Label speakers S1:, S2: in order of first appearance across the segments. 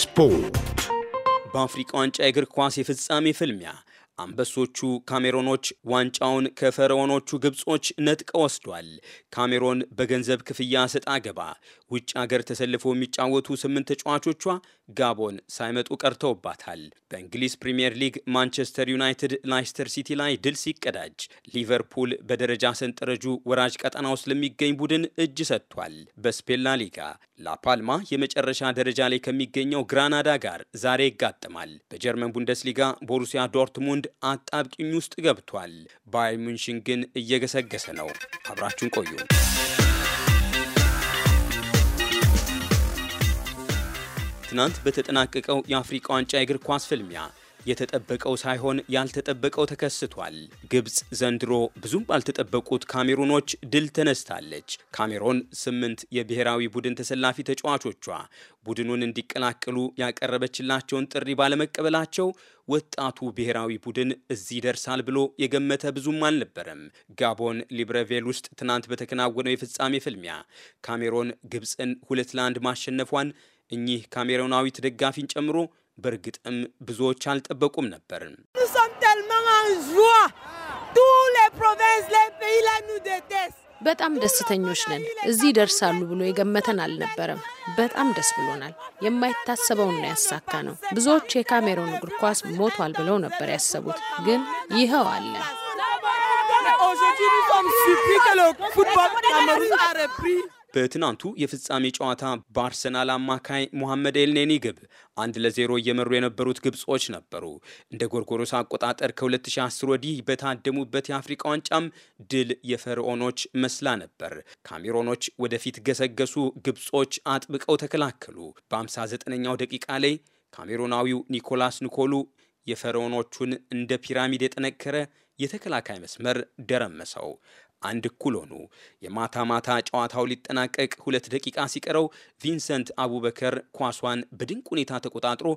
S1: ስፖርት በአፍሪቃ ዋንጫ የእግር ኳስ የፍጻሜ ፍልሚያ አንበሶቹ ካሜሮኖች ዋንጫውን ከፈርዖኖቹ ግብጾች ነጥቀ ወስዷል። ካሜሮን በገንዘብ ክፍያ ሰጣ ገባ ውጭ አገር ተሰልፎ የሚጫወቱ ስምንት ተጫዋቾቿ ጋቦን ሳይመጡ ቀርተውባታል። በእንግሊዝ ፕሪምየር ሊግ ማንቸስተር ዩናይትድ ላይስተር ሲቲ ላይ ድል ሲቀዳጅ፣ ሊቨርፑል በደረጃ ሰንጠረጁ ወራጅ ቀጠና ውስጥ ለሚገኝ ቡድን እጅ ሰጥቷል። በስፔን ላ ሊጋ ላፓልማ የመጨረሻ ደረጃ ላይ ከሚገኘው ግራናዳ ጋር ዛሬ ይጋጥማል። በጀርመን ቡንደስሊጋ ቦሩሲያ ዶርትሙንድ አጣብቂኝ ውስጥ ገብቷል። ባየር ሙንሽን ግን እየገሰገሰ ነው። አብራችሁን ቆዩ። ትናንት በተጠናቀቀው የአፍሪቃ ዋንጫ የእግር ኳስ ፍልሚያ የተጠበቀው ሳይሆን ያልተጠበቀው ተከስቷል። ግብፅ ዘንድሮ ብዙም ባልተጠበቁት ካሜሩኖች ድል ተነስታለች። ካሜሮን ስምንት የብሔራዊ ቡድን ተሰላፊ ተጫዋቾቿ ቡድኑን እንዲቀላቀሉ ያቀረበችላቸውን ጥሪ ባለመቀበላቸው ወጣቱ ብሔራዊ ቡድን እዚህ ይደርሳል ብሎ የገመተ ብዙም አልነበረም። ጋቦን ሊብረቬል ውስጥ ትናንት በተከናወነው የፍጻሜ ፍልሚያ ካሜሮን ግብፅን ሁለት ለአንድ ማሸነፏን እኚህ ካሜሮናዊት ደጋፊን ጨምሮ በእርግጥም ብዙዎች አልጠበቁም ነበር። በጣም ደስተኞች ነን። እዚህ ደርሳሉ ብሎ የገመተን አልነበረም። በጣም ደስ ብሎናል። ና ያሳካ ነው። ብዙዎች የካሜሮን እግር ኳስ ሞቷል ብለው ነበር ያሰቡት፣ ግን ይኸው አለ። በትናንቱ የፍጻሜ ጨዋታ በአርሰናል አማካይ ሞሐመድ ኤልኔኒ ግብ አንድ ለዜሮ እየመሩ የነበሩት ግብጾች ነበሩ። እንደ ጎርጎሮስ አቆጣጠር ከ2010 ወዲህ በታደሙበት የአፍሪቃ ዋንጫም ድል የፈርዖኖች መስላ ነበር። ካሜሮኖች ወደፊት ገሰገሱ፣ ግብጾች አጥብቀው ተከላከሉ። በ59ኛው ደቂቃ ላይ ካሜሮናዊው ኒኮላስ ኒኮሉ የፈርዖኖቹን እንደ ፒራሚድ የጠነከረ የተከላካይ መስመር ደረመሰው። አንድ እኩል ሆኑ። የማታ ማታ ጨዋታው ሊጠናቀቅ ሁለት ደቂቃ ሲቀረው ቪንሰንት አቡበከር ኳሷን በድንቅ ሁኔታ ተቆጣጥሮ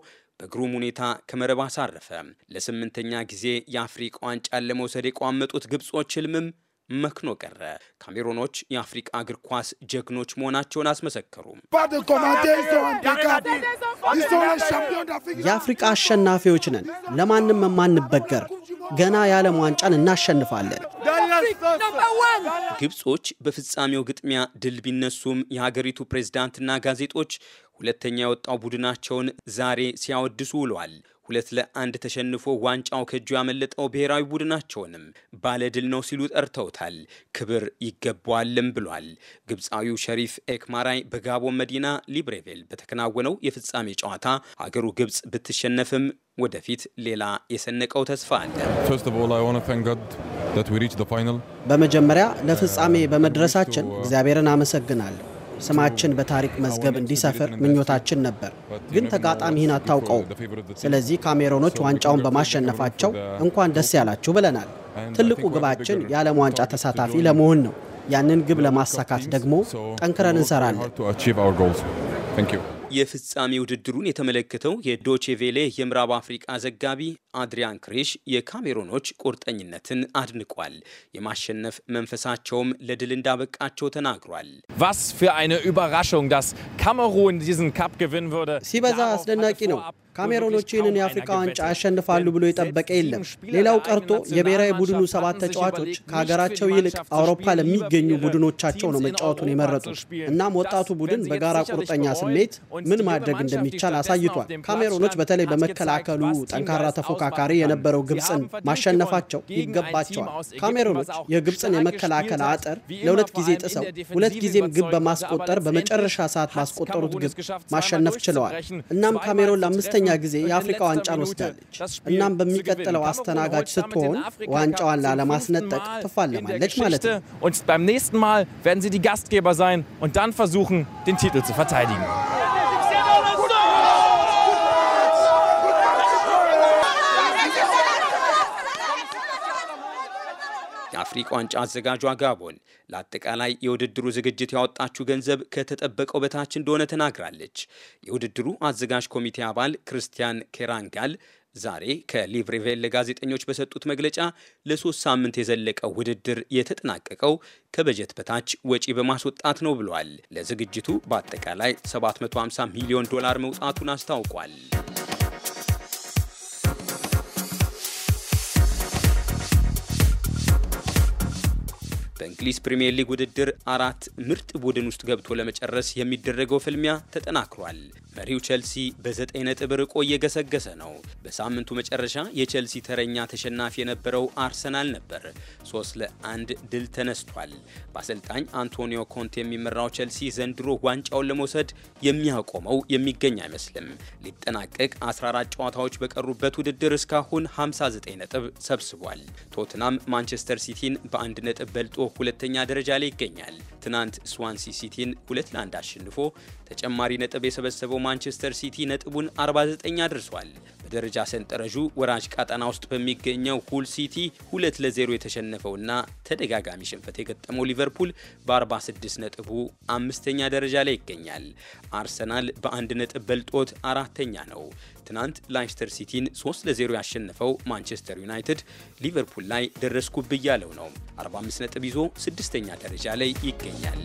S1: በግሩም ሁኔታ ከመረብ አሳረፈ። ለስምንተኛ ጊዜ የአፍሪቃ ዋንጫን ለመውሰድ የቋመጡት ግብጾች ህልምም መክኖ ቀረ። ካሜሮኖች የአፍሪቃ እግር ኳስ ጀግኖች መሆናቸውን አስመሰከሩ።
S2: የአፍሪቃ አሸናፊዎች ነን፣ ለማንም የማንበገር ገና የዓለም ዋንጫን እናሸንፋለን።
S1: ግብጾች በፍጻሜው ግጥሚያ ድል ቢነሱም የሀገሪቱ ፕሬዝዳንትና ጋዜጦች ሁለተኛ የወጣው ቡድናቸውን ዛሬ ሲያወድሱ ውለዋል። ሁለት ለአንድ ተሸንፎ ዋንጫው ከእጁ ያመለጠው ብሔራዊ ቡድናቸውንም ባለድል ነው ሲሉ ጠርተውታል። ክብር ይገባዋልም ብሏል። ግብፃዊው ሸሪፍ ኤክማራይ በጋቦን መዲና ሊብሬቬል በተከናወነው የፍጻሜ ጨዋታ አገሩ ግብፅ ብትሸነፍም ወደፊት ሌላ የሰነቀው ተስፋ አለ።
S2: በመጀመሪያ ለፍጻሜ በመድረሳችን እግዚአብሔርን አመሰግናለሁ። ስማችን በታሪክ መዝገብ እንዲሰፍር ምኞታችን ነበር፣ ግን ተጋጣሚ ይህን አታውቀውም። ስለዚህ ካሜሮኖች ዋንጫውን በማሸነፋቸው እንኳን ደስ ያላችሁ ብለናል። ትልቁ ግባችን የዓለም ዋንጫ ተሳታፊ ለመሆን ነው። ያንን ግብ ለማሳካት ደግሞ ጠንክረን እንሰራለን።
S1: የፍጻሜ ውድድሩን የተመለከተው የዶቼ ቬሌ የምዕራብ አፍሪቃ ዘጋቢ አድሪያን ክሬሽ የካሜሮኖች ቁርጠኝነትን አድንቋል። የማሸነፍ መንፈሳቸውም ለድል እንዳበቃቸው ተናግሯል።
S2: was für eine Überraschung, dass Kamerun diesen Cup ሲበዛ አስደናቂ ነው ካሜሮኖች ይህንን የአፍሪካ ዋንጫ ያሸንፋሉ ብሎ የጠበቀ የለም። ሌላው ቀርቶ የብሔራዊ ቡድኑ ሰባት ተጫዋቾች ከሀገራቸው ይልቅ አውሮፓ ለሚገኙ ቡድኖቻቸው ነው መጫወቱን የመረጡት። እናም ወጣቱ ቡድን በጋራ ቁርጠኛ ስሜት ምን ማድረግ እንደሚቻል አሳይቷል። ካሜሮኖች በተለይ በመከላከሉ ጠንካራ ተፎካካሪ የነበረው ግብፅን ማሸነፋቸው ይገባቸዋል። ካሜሮኖች የግብፅን የመከላከል አጥር ለሁለት ጊዜ ጥሰው ሁለት ጊዜም ግብ በማስቆጠር በመጨረሻ ሰዓት ባስቆጠሩት ግብ ማሸነፍ ችለዋል። እናም ካሜሮን ለአምስተኛ ለሁለተኛ ጊዜ የአፍሪካ ዋንጫን ወስዳለች። እናም በሚቀጥለው አስተናጋጅ ስትሆን ዋንጫዋን ላለማስነጠቅ ትፋለማለች ማለት ነው።
S1: Und beim nächsten Mal werden sie die Gastgeber sein und dann versuchen, den Titel zu verteidigen. የአፍሪቃ ዋንጫ አዘጋጇ ጋቦን ለአጠቃላይ የውድድሩ ዝግጅት ያወጣችው ገንዘብ ከተጠበቀው በታች እንደሆነ ተናግራለች። የውድድሩ አዘጋጅ ኮሚቴ አባል ክርስቲያን ኬራንጋል ዛሬ ከሊብሬቬል ጋዜጠኞች በሰጡት መግለጫ ለሶስት ሳምንት የዘለቀው ውድድር የተጠናቀቀው ከበጀት በታች ወጪ በማስወጣት ነው ብሏል። ለዝግጅቱ በአጠቃላይ 750 ሚሊዮን ዶላር መውጣቱን አስታውቋል። በእንግሊዝ ፕሪምየር ሊግ ውድድር አራት ምርጥ ቡድን ውስጥ ገብቶ ለመጨረስ የሚደረገው ፍልሚያ ተጠናክሯል። መሪው ቼልሲ በዘጠኝ ነጥብ ርቆ እየገሰገሰ ነው። በሳምንቱ መጨረሻ የቼልሲ ተረኛ ተሸናፊ የነበረው አርሰናል ነበር። ሶስት ለአንድ ድል ተነስቷል። በአሰልጣኝ አንቶኒዮ ኮንቴ የሚመራው ቼልሲ ዘንድሮ ዋንጫውን ለመውሰድ የሚያቆመው የሚገኝ አይመስልም። ሊጠናቀቅ 14 ጨዋታዎች በቀሩበት ውድድር እስካሁን 59 ነጥብ ሰብስቧል። ቶትናም ማንቸስተር ሲቲን በአንድ ነጥብ በልጦ ሁለተኛ ደረጃ ላይ ይገኛል። ትናንት ስዋንሲ ሲቲን ሁለት ለአንድ አሸንፎ ተጨማሪ ነጥብ የሰበሰበው ማንቸስተር ሲቲ ነጥቡን 49 አድርሷል። በደረጃ ሰንጠረዡ ወራጅ ቀጠና ውስጥ በሚገኘው ሁል ሲቲ ሁለት ለዜሮ የተሸነፈውና ተደጋጋሚ ሽንፈት የገጠመው ሊቨርፑል በ46 ነጥቡ አምስተኛ ደረጃ ላይ ይገኛል። አርሰናል በአንድ ነጥብ በልጦት አራተኛ ነው። ትናንት ላይስተር ሲቲን 3 ለዜሮ ያሸነፈው ማንቸስተር ዩናይትድ ሊቨርፑል ላይ ደረስኩብ እያለው ነው 45 ነጥብ ይዞ ስድስተኛ ደረጃ ላይ ይገኛል።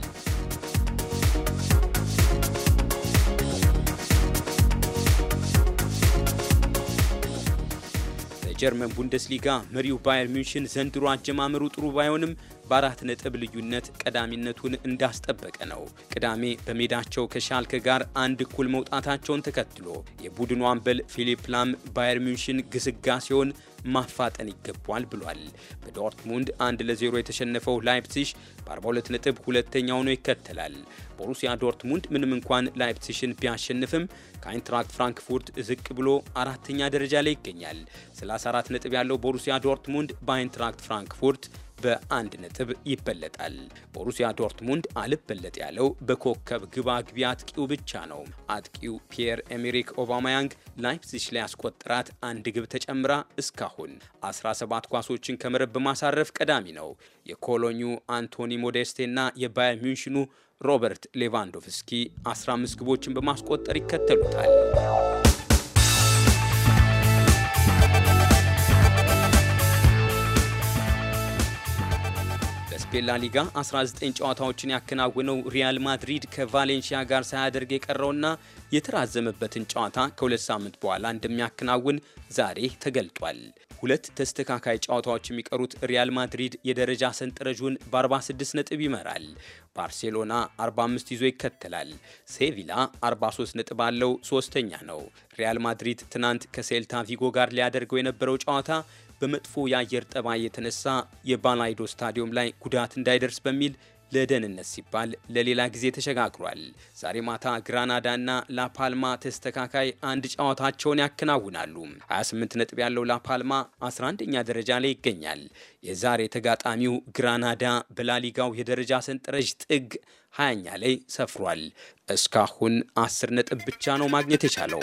S1: የጀርመን ቡንደስሊጋ መሪው ባየር ሚንሽን ዘንድሮ አጀማመሩ ጥሩ ባይሆንም በአራት ነጥብ ልዩነት ቀዳሚነቱን እንዳስጠበቀ ነው። ቅዳሜ በሜዳቸው ከሻልከ ጋር አንድ እኩል መውጣታቸውን ተከትሎ የቡድኑ አምበል ፊሊፕ ላም ባየር ሚንሽን ግስጋሴውን ማፋጠን ይገባል ብሏል። በዶርትሙንድ ለ0 የተሸነፈው ላይፕሲሽ በ42 ነጥብ ሁለተኛ ሆኖ ይከተላል። ቦሩሲያ ዶርትሙንድ ምንም እንኳን ላይፕሲሽን ቢያሸንፍም ከአይንትራክት ፍራንክፉርት ዝቅ ብሎ አራተኛ ደረጃ ላይ ይገኛል። 34 ነጥብ ያለው ቦሩሲያ ዶርትሙንድ በአይንትራክት ፍራንክፉርት በአንድ ነጥብ ይበለጣል። ቦሩሲያ ዶርትሙንድ አልበለጥ ያለው በኮከብ ግባ አጥቂው ብቻ ነው። አጥቂው ፒየር ኤሜሪክ ኦባማያንግ ላይፕዚግ ላይ ያስቆጠራት አንድ ግብ ተጨምራ እስካሁን 17 ኳሶችን ከመረብ በማሳረፍ ቀዳሚ ነው። የኮሎኙ አንቶኒ ሞዴስቴና የባየር ሚንሽኑ ሮበርት ሌቫንዶቭስኪ 15 ግቦችን በማስቆጠር ይከተሉታል። በስፔን ሊጋ 19 ጨዋታዎችን ያከናወነው ሪያል ማድሪድ ከቫሌንሺያ ጋር ሳያደርግ የቀረውና የተራዘመበትን ጨዋታ ከሁለት ሳምንት በኋላ እንደሚያከናውን ዛሬ ተገልጧል። ሁለት ተስተካካይ ጨዋታዎች የሚቀሩት ሪያል ማድሪድ የደረጃ ሰንጠረዡን በ46 ነጥብ ይመራል። ባርሴሎና 45 ይዞ ይከተላል። ሴቪላ 43 ነጥብ አለው፣ ሶስተኛ ነው። ሪያል ማድሪድ ትናንት ከሴልታ ቪጎ ጋር ሊያደርገው የነበረው ጨዋታ በመጥፎ የአየር ጠባይ የተነሳ የባላይዶ ስታዲየም ላይ ጉዳት እንዳይደርስ በሚል ለደህንነት ሲባል ለሌላ ጊዜ ተሸጋግሯል። ዛሬ ማታ ግራናዳና ላፓልማ ተስተካካይ አንድ ጨዋታቸውን ያከናውናሉ። 28 ነጥብ ያለው ላፓልማ 11ኛ ደረጃ ላይ ይገኛል። የዛሬ ተጋጣሚው ግራናዳ በላሊጋው የደረጃ ሰንጠረዥ ጥግ 20ኛ ላይ ሰፍሯል። እስካሁን 10 ነጥብ ብቻ ነው ማግኘት የቻለው።